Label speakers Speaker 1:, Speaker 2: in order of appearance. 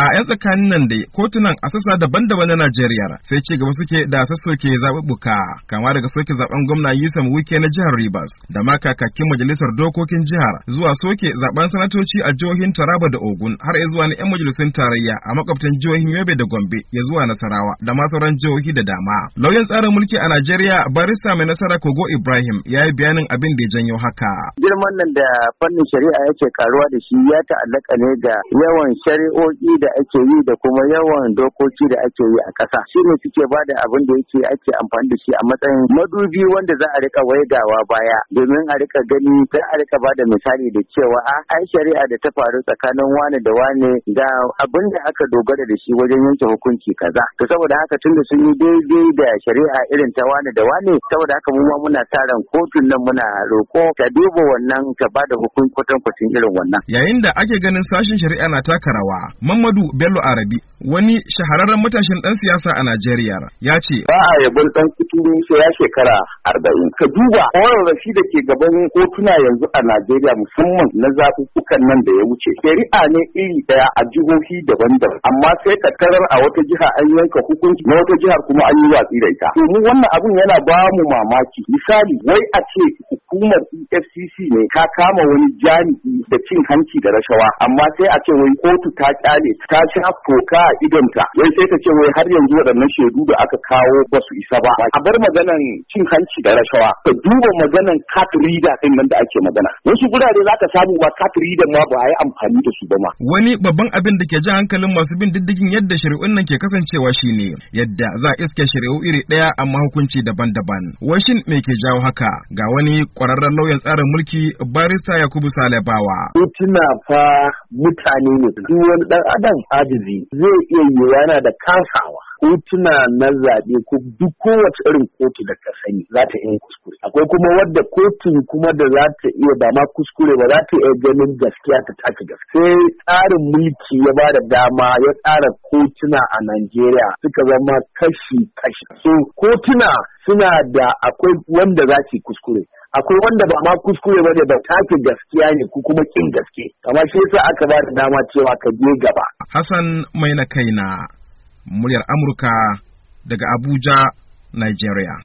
Speaker 1: a yan tsakanin nan dai kotunan a sassa daban-daban na Najeriya sai ci gaba suke da sassoke zaɓuɓɓuka kama daga soke zaben gwamna Yusuf Wike na jihar Rivers da ma kakakin majalisar dokokin jihar zuwa soke zaben sanatoci a jihohin Taraba da Ogun har zuwa na yan majalisun tarayya a makwabtan jihohin Yobe da Gombe ya zuwa Nasarawa da ma sauran jihohi da dama. Lauyan tsarin mulki a Najeriya barista mai nasara Kogo Ibrahim ya yi bayanin abin da ya janyo haka.
Speaker 2: Girman nan da fannin shari'a yake karuwa da shi ya ta'allaka ne ga yawan shari'o'i da da ake yi da kuma yawan dokoki da ake yi a ƙasa shi ne suke ba da abin da yake ake amfani da shi a matsayin madubi wanda za a rika waigawa baya domin a rika gani za a rika ba da misali da cewa a ah, ai shari'a da ta faru tsakanin wane da wane da abin da aka dogara da shi wajen yanke hukunci kaza to saboda haka tun da sun yi daidai da shari'a irin ta wane da wane saboda haka mu ma muna tsaron kotun nan muna roko ta duba wannan ta ba da hukunci kwatankwacin irin wannan
Speaker 1: yayin da ake ganin sashin shari'a na taka rawa mamadu Ahmadu Bello Arabi wani shahararren matashin dan siyasa a Najeriya ya ce ba a yabon
Speaker 2: dan kuturu sai ya shekara arba'in ka duba rashi da ke gaban kotuna yanzu a Najeriya musamman na zaɓuɓɓukan nan da ya wuce shari'a ne iri ɗaya a jihohi daban-daban amma sai ka karar a wata jiha an yanka hukunci na wata jihar kuma an yi watsi da ita to mu wannan abun yana ba mu mamaki misali wai a ce hukumar EFCC ne Ka kama wani jami'i da cin hanci da rashawa amma sai a ce wai kotu ta kyale ta sha toka a idonta wai sai ta ce wai har yanzu waɗannan shaidu da aka kawo ba su isa ba a bar maganan cin hanci da rashawa ka duba maganan cat reader din nan da ake magana wasu gurare za ka samu ba cat reader ma ba a yi amfani da su ba ma
Speaker 1: wani babban abin da ke jan hankalin masu bin diddigin yadda shari'un nan ke kasancewa shine yadda za a iske shari'u iri ɗaya amma hukunci daban-daban washin me ke jawo haka ga wani kwararren lauyan tsarin mulki barista Yakubu Salebawa.
Speaker 2: Hotuna fa mutane ne su wani dan adam ajizi zai iya yi yana da kasawa. kotuna na zaɓe ko duk kowace irin kotu da ka sani za ta iya kuskure akwai kuma wadda kotun kuma da za ta iya ba ma kuskure ba za ta iya ganin gaskiya ta taka gaskiya sai tsarin mulki ya ba da dama ya tsara kotuna a Najeriya suka zama kashi kashi so kotuna suna da akwai wanda za su kuskure akwai wanda ba ma kuskure ba ne, ba take gaskiya ne ko kuma kin gaske amma shi yasa aka ba da dama cewa ka je gaba
Speaker 1: Hassan mai na kaina muryar Amurka daga Abuja
Speaker 2: Nigeria